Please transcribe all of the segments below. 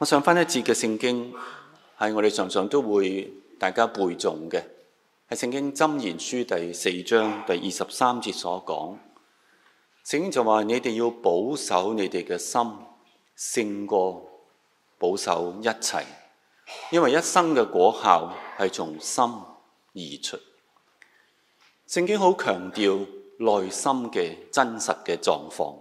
我想翻一節嘅聖經，係我哋常常都會大家背誦嘅，係聖經箴言書第四章第二十三節所講。聖經就話：你哋要保守你哋嘅心勝過保守一切，因為一生嘅果效係從心而出。聖經好強調內心嘅真實嘅狀況，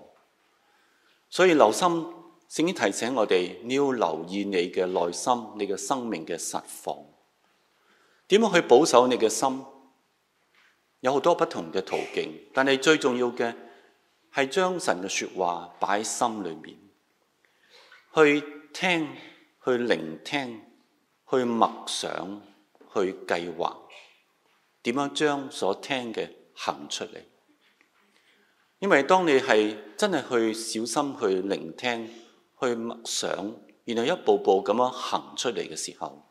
所以留心。聖經提醒我哋，你要留意你嘅內心，你嘅生命嘅實況。點樣去保守你嘅心？有好多不同嘅途徑，但係最重要嘅係將神嘅說話擺喺心裏面，去聽、去聆聽、去默想、去計劃，點樣將所聽嘅行出嚟。因為當你係真係去小心去聆聽。去默想，然後一步步咁樣行出嚟嘅時候，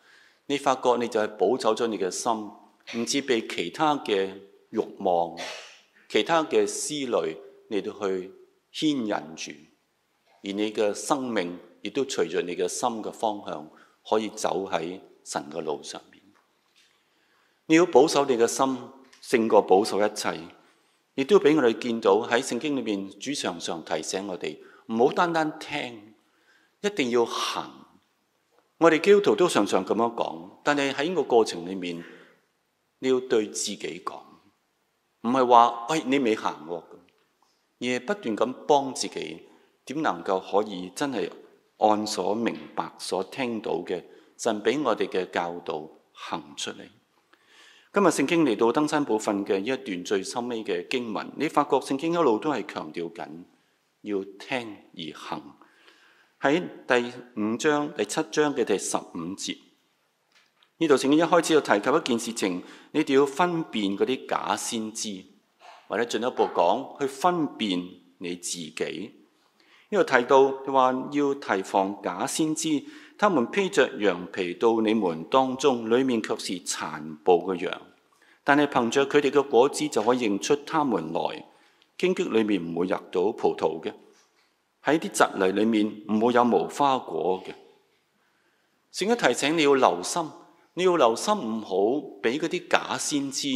你發覺你就係保守咗你嘅心，唔知被其他嘅慾望、其他嘅思慮你都去牽引住，而你嘅生命亦都隨着你嘅心嘅方向，可以走喺神嘅路上面。你要保守你嘅心，勝過保守一切，亦都俾我哋見到喺聖經裏邊主場上，上提醒我哋，唔好單單聽。一定要行，我哋基督徒都常常咁樣講，但係喺呢個過程裡面，你要對自己講，唔係話，喂你未行，而係不斷咁幫自己，點能夠可以真係按所明白、所聽到嘅神俾我哋嘅教導行出嚟？今日聖經嚟到登山部分嘅一段最深屘嘅經文，你發覺聖經一路都係強調緊要聽而行。喺第五章第七章嘅第十五節，呢度聖經一開始就提及一件事情，你哋要分辨嗰啲假先知，或者進一步講，去分辨你自己。呢度提到你話要提防假先知，他們披着羊皮到你們當中，裏面卻是殘暴嘅羊。但係憑着佢哋嘅果子就可以認出他們來。荊棘裏面唔會入到葡萄嘅。喺啲蒺藜裏面唔會有無花果嘅，所以提醒你要留心，你要留心唔好俾嗰啲假先知，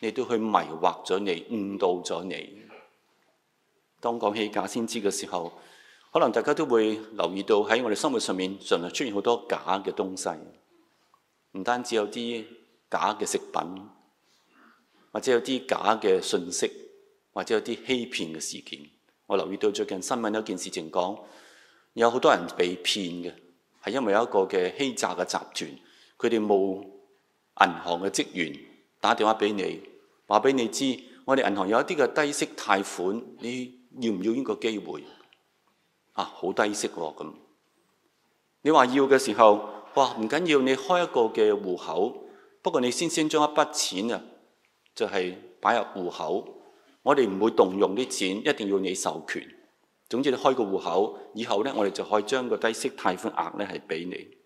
你都去迷惑咗你，誤導咗你。當講起假先知嘅時候，可能大家都會留意到喺我哋生活上面，常常出現好多假嘅東西，唔單止有啲假嘅食品，或者有啲假嘅信息，或者有啲欺騙嘅事件。我留意到最近新聞有一件事情，講有好多人被騙嘅，係因為有一個嘅欺詐嘅集團，佢哋冇銀行嘅職員打電話俾你，話俾你知，我哋銀行有一啲嘅低息貸款，你要唔要呢個機會？啊，好低息喎，啊，咁，你話要嘅時候，哇，唔緊要，你開一個嘅戶口，不過你先先將一筆錢啊，就係擺入戶口。我哋唔會動用啲錢，一定要你授權。總之你開個戶口，以後咧我哋就可以將個低息貸款額咧係俾你。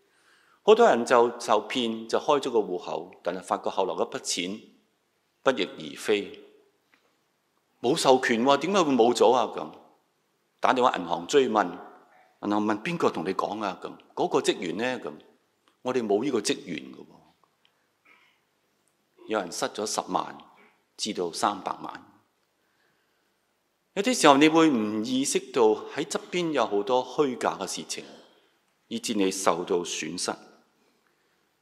好多人就受騙，就開咗個戶口，但係發覺後來嗰筆錢不翼而飛，冇授權喎，點解會冇咗啊？咁、啊、打電話銀行追問，銀行問邊個同你講啊？咁嗰、嗰個職員咧？咁我哋冇呢個職員嘅喎。有人失咗十萬至到三百萬。有啲時候你會唔意識到喺側邊有好多虛假嘅事情，以致你受到損失。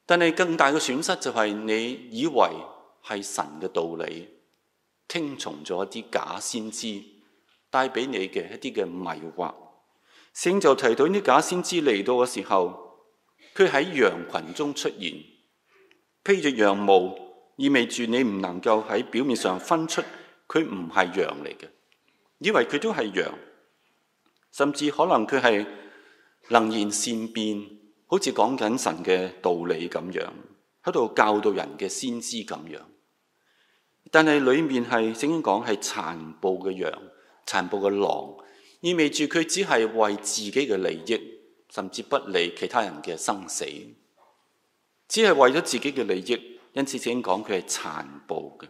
但係更大嘅損失就係你以為係神嘅道理，聽從咗一啲假先知帶俾你嘅一啲嘅迷惑。聖就提到呢啲假先知嚟到嘅時候，佢喺羊群中出現，披着羊毛，意味住你唔能夠喺表面上分出佢唔係羊嚟嘅。以為佢都係羊，甚至可能佢係能言善辯，好似講緊神嘅道理咁樣，喺度教導人嘅先知咁樣。但係裏面係聖經講係殘暴嘅羊、殘暴嘅狼，意味住佢只係為自己嘅利益，甚至不理其他人嘅生死，只係為咗自己嘅利益，因此聖經講佢係殘暴嘅。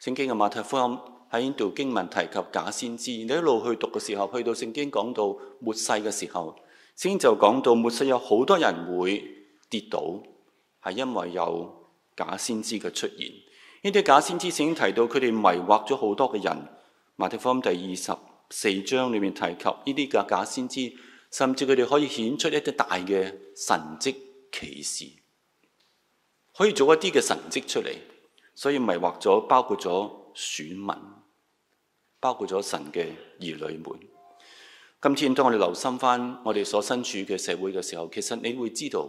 聖經嘅馬太福音。喺度經文提及假先知，你一路去讀嘅時候，去到聖經講到末世嘅時候，聖經就講到末世有好多人會跌倒，係因為有假先知嘅出現。呢啲假先知已經提到佢哋迷惑咗好多嘅人，《馬太福音》第二十四章裏面提及呢啲嘅假先知，甚至佢哋可以顯出一啲大嘅神蹟奇事，可以做一啲嘅神蹟出嚟，所以迷惑咗包括咗選民。包括咗神嘅兒女們。今天當我哋留心翻我哋所身處嘅社會嘅時候，其實你會知道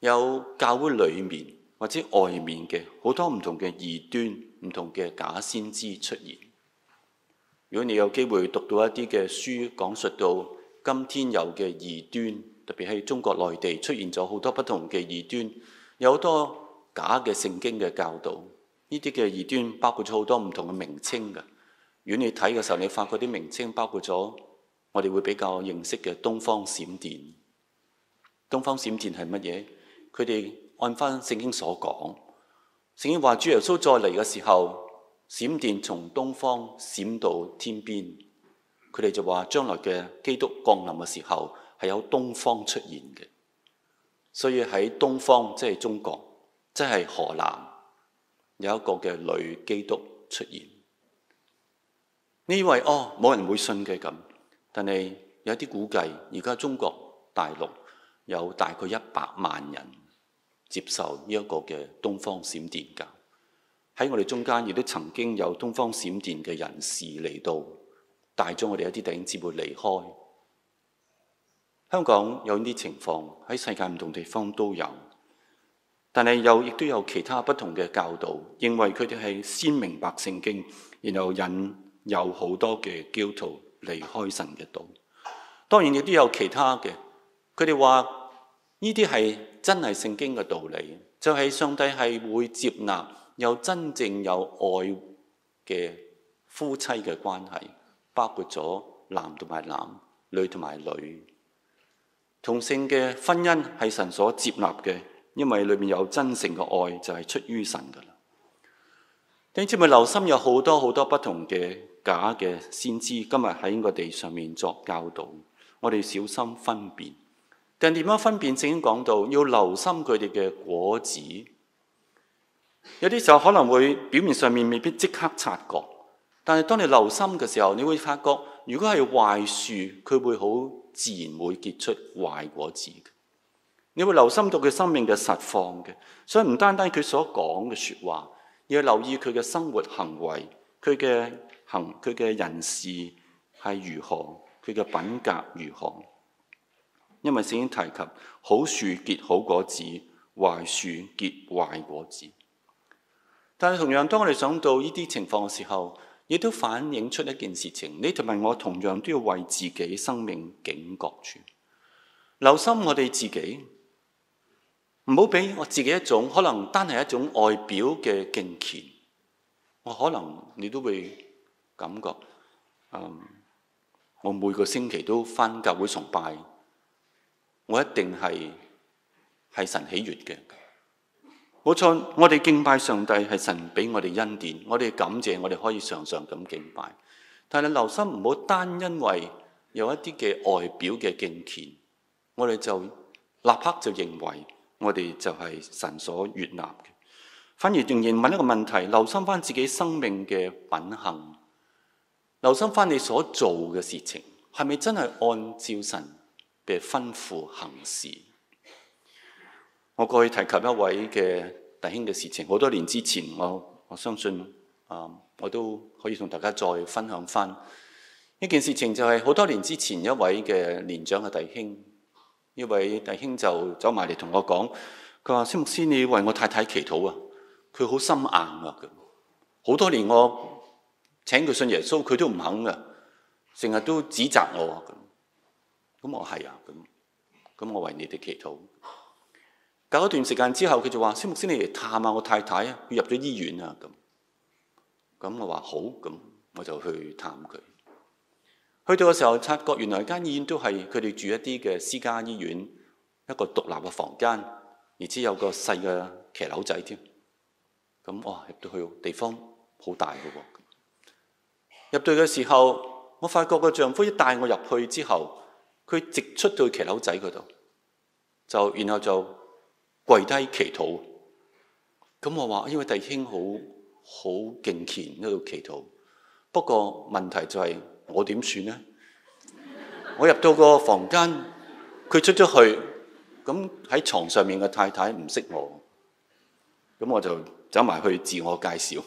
有教會裏面或者外面嘅好多唔同嘅異端、唔同嘅假先知出現。如果你有機會讀到一啲嘅書講述到今天有嘅異端，特別係中國內地出現咗好多不同嘅異端，有好多假嘅聖經嘅教導。呢啲嘅異端包括咗好多唔同嘅名稱嘅，如果你睇嘅時候，你發覺啲名稱包括咗我哋會比較認識嘅東方閃電。東方閃電係乜嘢？佢哋按翻聖經所講，聖經話主耶穌再嚟嘅時候，閃電從東方閃到天邊。佢哋就話將來嘅基督降臨嘅時候係有東方出現嘅。所以喺東方即係中國，即係河南。有一個嘅女基督出現，你以為哦，冇人會信嘅咁，但係有啲估計，而家中國大陸有大概一百萬人接受呢一個嘅東方閃電教。喺我哋中間亦都曾經有東方閃電嘅人士嚟到帶咗我哋一啲弟兄姊妹離開，香港有呢啲情況，喺世界唔同地方都有。但係又亦都有其他不同嘅教導，認為佢哋係先明白聖經，然後引有好多嘅教徒離開神嘅道。當然亦都有其他嘅，佢哋話呢啲係真係聖經嘅道理，就係、是、上帝係會接納有真正有愛嘅夫妻嘅關係，包括咗男同埋男、女同埋女，同性嘅婚姻係神所接納嘅。因為裏面有真誠嘅愛，就係、是、出於神噶啦。聽知咪留心，有好多好多不同嘅假嘅，先知今日喺個地上面作教導，我哋要小心分辨。但點樣分辨？正經講到，要留心佢哋嘅果子。有啲時候可能會表面上面未必即刻察覺，但係當你留心嘅時候，你會發覺，如果係壞樹，佢會好自然會結出壞果子。你會留心到佢生命嘅實況嘅，所以唔單單佢所講嘅說話，要留意佢嘅生活行為，佢嘅行，佢嘅人事係如何，佢嘅品格如何。因為聖經提及好樹結好果子，壞樹結壞果子。但係同樣，當我哋想到呢啲情況嘅時候，亦都反映出一件事情。你同埋我同樣都要為自己生命警覺住，留心我哋自己。唔好俾我自己一種可能，單係一種外表嘅敬虔，我、哦、可能你都會感覺，啊、嗯！我每個星期都返教會崇拜，我一定係係神喜悅嘅。冇錯，我哋敬拜上帝係神俾我哋恩典，我哋感謝，我哋可以常常咁敬拜。但係留心唔好單因為有一啲嘅外表嘅敬虔，我哋就立刻就認為。我哋就係神所悅納嘅，反而仍然問一個問題：留心翻自己生命嘅品行，留心翻你所做嘅事情，係咪真係按照神嘅吩咐行事？我過去提及一位嘅弟兄嘅事情，好多年之前我，我我相信啊，我都可以同大家再分享翻呢件事情，就係好多年之前一位嘅年長嘅弟兄。一位弟兄就走埋嚟同我講，佢話：蕭牧師，你為我太太祈禱啊！佢好心硬啊！佢好多年我請佢信耶穌，佢都唔肯噶，成日都指責我啊。咁我係啊，咁咁我為你哋祈禱。隔一段時間之後，佢就話：蕭牧師，你嚟探下我太太啊！佢入咗醫院啊！咁咁我話好，咁我就去探佢。去到嘅時候，察覺原來間醫院都係佢哋住一啲嘅私家醫院，一個獨立嘅房間，而且有個細嘅騎樓仔添。咁、嗯、哇入到去地方好大嘅喎。入到嘅時候，我發覺個丈夫一帶我入去之後，佢直出到騎樓仔嗰度，就然後就跪低祈禱。咁、嗯、我話：因為弟兄好好敬虔喺度祈禱，不過問題就係、是。我點算咧？我入到個房間，佢出咗去，咁喺床上面嘅太太唔識我，咁我就走埋去自我介紹。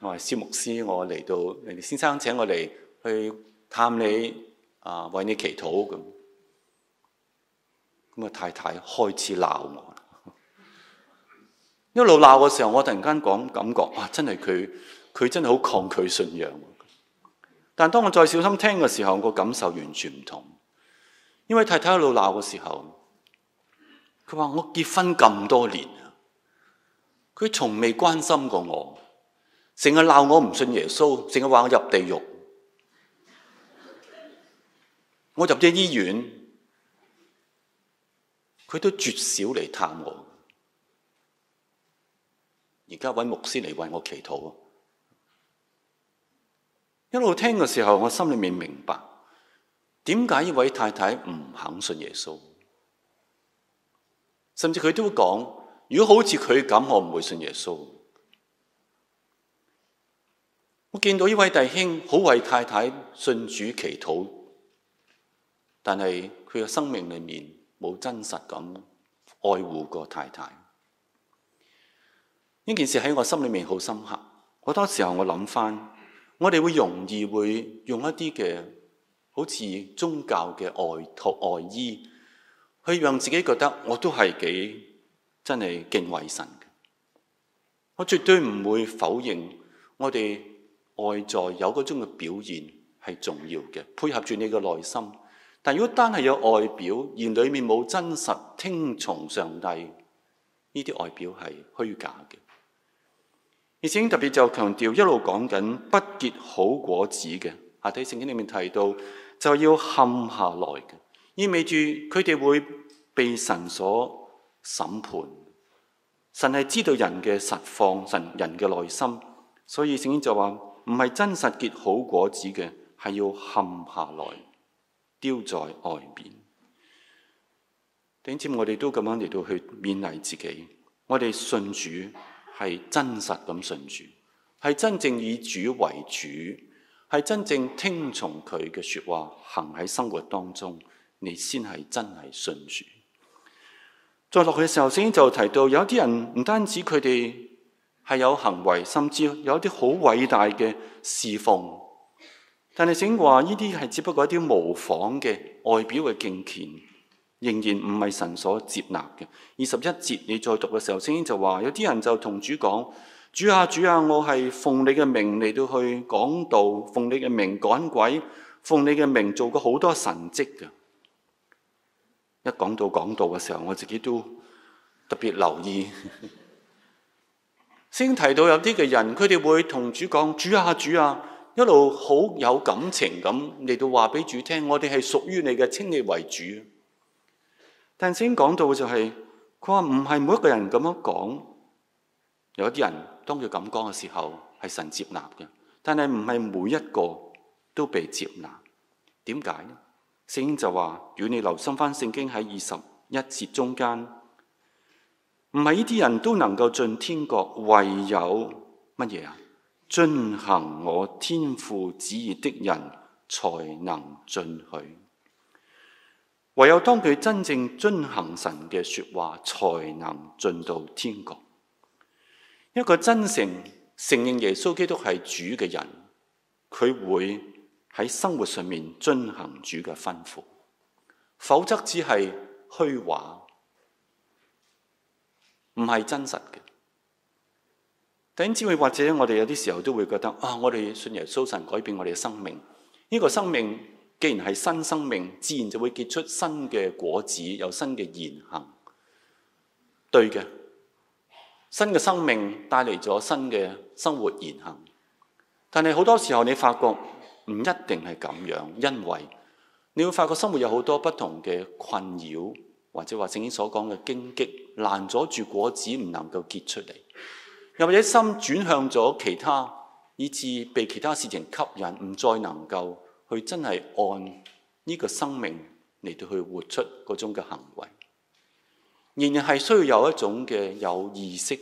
我話：蕭牧師，我嚟到，先生請我嚟去探你，啊、呃，為你祈禱咁。咁啊，太太開始鬧我。一路鬧嘅時候，我突然間講感覺，哇、啊！真係佢，佢真係好抗拒信仰。但當我再小心聽嘅時候，個感受完全唔同。因為太太喺度鬧嘅時候，佢話：我結婚咁多年，佢從未關心過我，成日鬧我唔信耶穌，成日話我入地獄。我入咗醫院，佢都絕少嚟探我。而家揾牧師嚟為我祈禱。一路聽嘅時候，我心裏面明白點解呢位太太唔肯信耶穌，甚至佢都會講：如果好似佢咁，我唔會信耶穌。我見到呢位弟兄好為太太信主祈禱，但係佢嘅生命裏面冇真實咁愛護過太太。呢件事喺我心裏面好深刻。好多時候我諗翻。我哋會容易會用一啲嘅好似宗教嘅外套外衣，去讓自己覺得我都係幾真係敬畏神嘅。我絕對唔會否認我哋外在有嗰種嘅表現係重要嘅，配合住你嘅內心。但如果單係有外表而裡面冇真實聽從上帝，呢啲外表係虛假嘅。而聖經特別就強調一路講緊不結好果子嘅，啊，喺聖經裏面提到就要冚下來嘅，意味住佢哋會被神所審判。神係知道人嘅實況，神人嘅內心，所以聖經就話唔係真實結好果子嘅，係要冚下來，丟在外面。」頂尖我哋都咁樣嚟到去勉勵自己，我哋信主。係真實咁信主，係真正以主為主，係真正聽從佢嘅說話，行喺生活當中，你先係真係信主。再落去嘅時候，先就提到有啲人唔單止佢哋係有行為，甚至有啲好偉大嘅侍奉，但係先話呢啲係只不過一啲模仿嘅外表嘅敬虔。仍然唔係神所接納嘅。二十一節你再讀嘅時候，聖經就話有啲人就同主講：主啊，主啊，我係奉你嘅名嚟到去講道，奉你嘅名趕鬼，奉你嘅名做過好多神蹟嘅。一講到講道嘅時候，我自己都特別留意。聖經 提到有啲嘅人，佢哋會同主講：主啊，主啊，一路好有感情咁嚟到話俾主聽，我哋係屬於你嘅，稱你為主。但聖經講到嘅就係、是，佢話唔係每一個人咁樣講，有一啲人當佢噉講嘅時候係神接納嘅，但係唔係每一個都被接納。點解？聖經就話，如果你留心翻聖經喺二十一節中間，唔係呢啲人都能夠進天國，唯有乜嘢啊？遵行我天父旨意的人才能進去。唯有當佢真正遵行神嘅說話，才能進到天國。一個真誠承認耶穌基督係主嘅人，佢會喺生活上面遵行主嘅吩咐，否則只係虛話，唔係真實嘅。頂之會，或者我哋有啲時候都會覺得啊，我哋信耶穌神改變我哋嘅生命，呢、這個生命。既然係新生命，自然就會結出新嘅果子，有新嘅言行。對嘅，新嘅生命帶嚟咗新嘅生活言行。但係好多時候，你發覺唔一定係咁樣，因為你會發覺生活有好多不同嘅困擾，或者話正經所講嘅荊棘，攔阻住果子唔能夠結出嚟，又或者心轉向咗其他，以致被其他事情吸引，唔再能夠。佢真係按呢個生命嚟到去活出嗰種嘅行為，仍然係需要有一種嘅有意識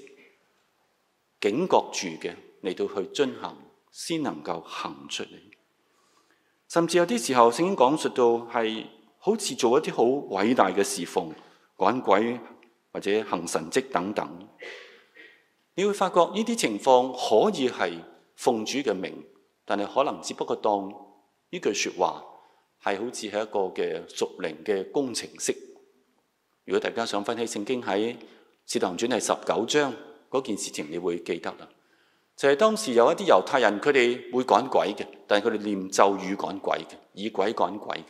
警覺住嘅嚟到去進行，先能夠行出嚟。甚至有啲時候，聖經講述到係好似做一啲好偉大嘅侍奉、趕鬼或者行神蹟等等，你會發覺呢啲情況可以係奉主嘅名，但係可能只不過當。呢句説話係好似係一個嘅屬靈嘅工程式。如果大家想分析聖經喺《使徒行傳》第十九章嗰件事情，你會記得啦。就係、是、當時有一啲猶太人，佢哋會趕鬼嘅，但係佢哋念咒語趕鬼嘅，以鬼趕鬼嘅。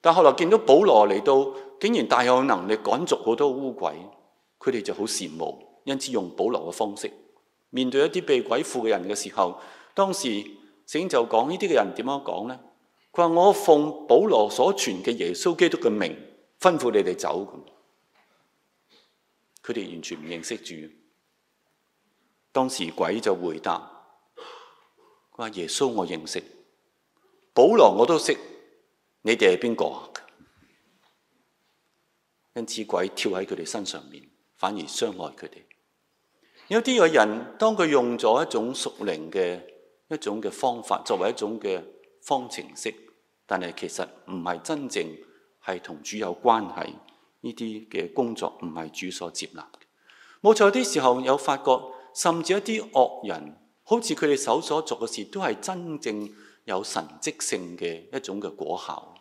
但係後來見到保羅嚟到，竟然大有能力趕逐好多污鬼，佢哋就好羨慕，因此用保羅嘅方式面對一啲被鬼附嘅人嘅時候，當時。聖就講呢啲嘅人點樣講呢？佢話我奉保羅所傳嘅耶穌基督嘅名吩咐你哋走，佢哋完全唔認識主。當時鬼就回答：佢話耶穌我認識，保羅我都識，你哋係邊個？因此鬼跳喺佢哋身上面，反而傷害佢哋。有啲嘅人當佢用咗一種屬靈嘅。一種嘅方法，作為一種嘅方程式，但係其實唔係真正係同主有關係呢啲嘅工作，唔係主所接納嘅。冇錯有啲時候有發覺，甚至一啲惡人，好似佢哋手所做嘅事，都係真正有神蹟性嘅一種嘅果效。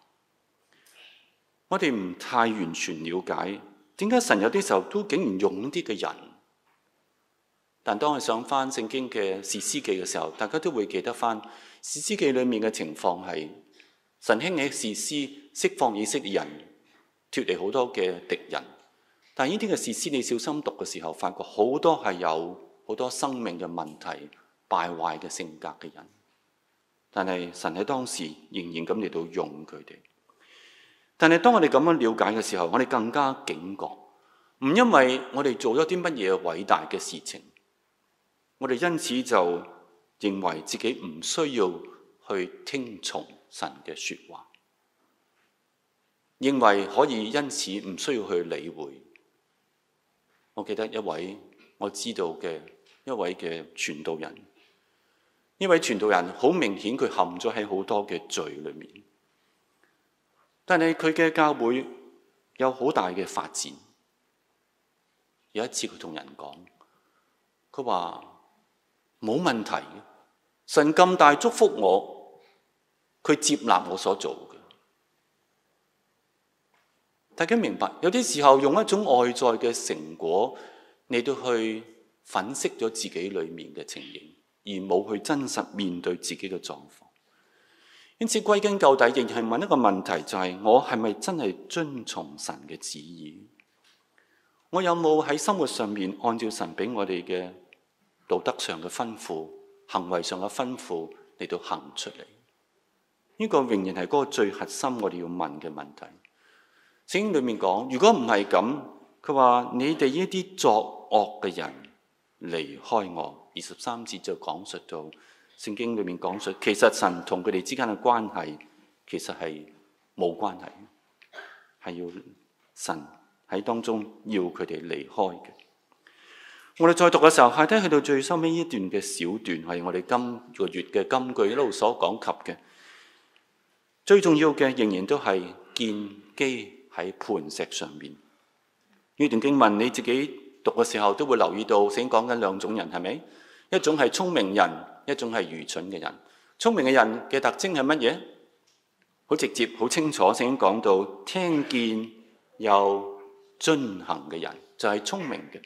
我哋唔太完全了解，點解神有啲時候都竟然用啲嘅人？但當我上翻聖經嘅士師記嘅時候，大家都會記得翻士師記裏面嘅情況係神興起士師，釋放以色列人，脫離好多嘅敵人。但呢啲嘅士師，你小心讀嘅時候，發覺好多係有好多生命嘅問題、敗壞嘅性格嘅人。但係神喺當時仍然咁嚟到用佢哋。但係當我哋咁樣了解嘅時候，我哋更加警覺，唔因為我哋做咗啲乜嘢偉大嘅事情。我哋因此就認為自己唔需要去聽從神嘅說話，認為可以因此唔需要去理會。我記得一位我知道嘅一位嘅傳道人，呢位傳道人好明顯佢陷咗喺好多嘅罪裏面，但係佢嘅教會有好大嘅發展。有一次佢同人講，佢話：冇問題嘅，神咁大祝福我，佢接納我所做嘅。大家明白，有啲時候用一種外在嘅成果，你都去粉飾咗自己裏面嘅情形，而冇去真實面對自己嘅狀況。因此，歸根究底，仍然係問一個問題，就係我係咪真係遵從神嘅旨意？我有冇喺生活上面按照神俾我哋嘅？道德上嘅吩咐，行為上嘅吩咐，嚟到行出嚟。呢個仍然係嗰個最核心，我哋要問嘅問題。聖經裏面講，如果唔係咁，佢話你哋呢一啲作惡嘅人離開我。二十三節就講述到，聖經裏面講述，其實神同佢哋之間嘅關係，其實係冇關係，係要神喺當中要佢哋離開嘅。我哋再讀嘅時候，下低去到最收尾呢一段嘅小段，係我哋今個月嘅金句一路所講及嘅最重要嘅，仍然都係建基喺磐石上面呢段經文。你自己讀嘅時候都會留意到，先講緊兩種人，係咪一種係聰明人，一種係愚蠢嘅人。聰明嘅人嘅特徵係乜嘢？好直接、好清楚，先講到聽見又遵行嘅人就係聰明嘅。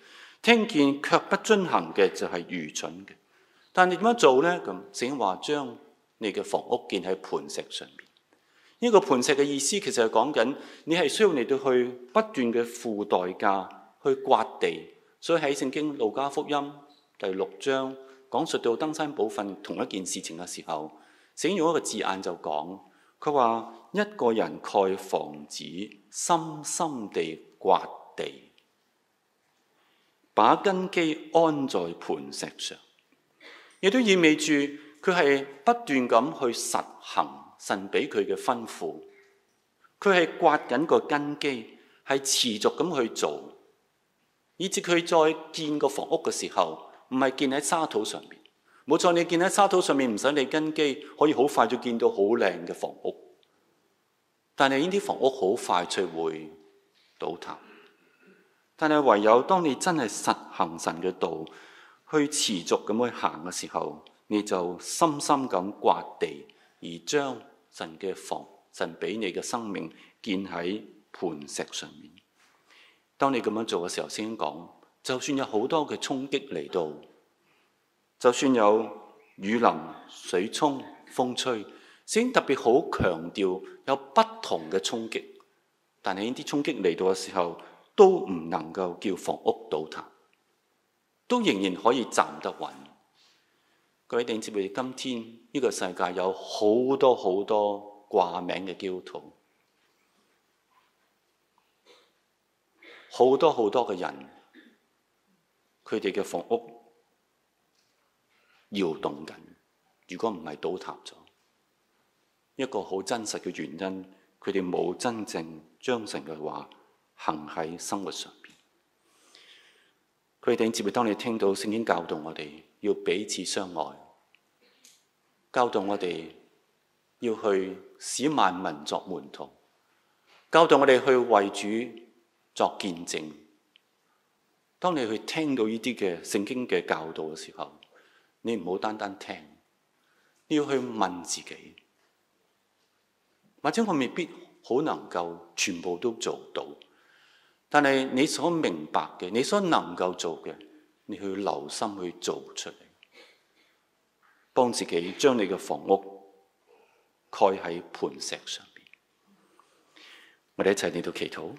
聽見卻不遵行嘅就係愚蠢嘅，但你點樣做咧？咁聖經話將你嘅房屋建喺磐石上面。呢個磐石嘅意思其實係講緊你係需要嚟到去不斷嘅付代價去刮地。所以喺聖經路加福音第六章講述到登山寶訓同一件事情嘅時候，聖經用一個字眼就講，佢話一個人蓋房子，深深地刮地。把根基安在磐石上，亦都意味住佢係不斷咁去實行神俾佢嘅吩咐。佢係刮緊個根基，係持續咁去做，以致佢再建個房屋嘅時候，唔係建喺沙土上面。冇錯，你建喺沙土上面，唔使理根基，可以好快就建到好靚嘅房屋。但係呢啲房屋好快脆會倒塌。但係唯有當你真係實行神嘅道，去持續咁去行嘅時候，你就深深咁掘地，而將神嘅房、神俾你嘅生命建喺磐石上面。當你咁樣做嘅時候，先講，就算有好多嘅衝擊嚟到，就算有雨淋、水沖、風吹，先特別好強調有不同嘅衝擊。但係呢啲衝擊嚟到嘅時候，都唔能夠叫房屋倒塌，都仍然可以站得穩。各位弟兄姊妹，今天呢個世界有好多好多掛名嘅基督徒，好多好多嘅人，佢哋嘅房屋搖動緊。如果唔係倒塌咗，一個好真實嘅原因，佢哋冇真正將神嘅話，行喺生活上邊，佢哋接，會當你聽到聖經教導我哋要彼此相愛，教導我哋要去使萬民作門徒，教導我哋去為主作見證。當你去聽到呢啲嘅聖經嘅教導嘅時候，你唔好單單聽，你要去問自己，或者我未必好能夠全部都做到。但係你所明白嘅，你所能夠做嘅，你要留心去做出嚟，幫自己將你嘅房屋蓋喺磐石上面。我哋一齊嚟到祈禱。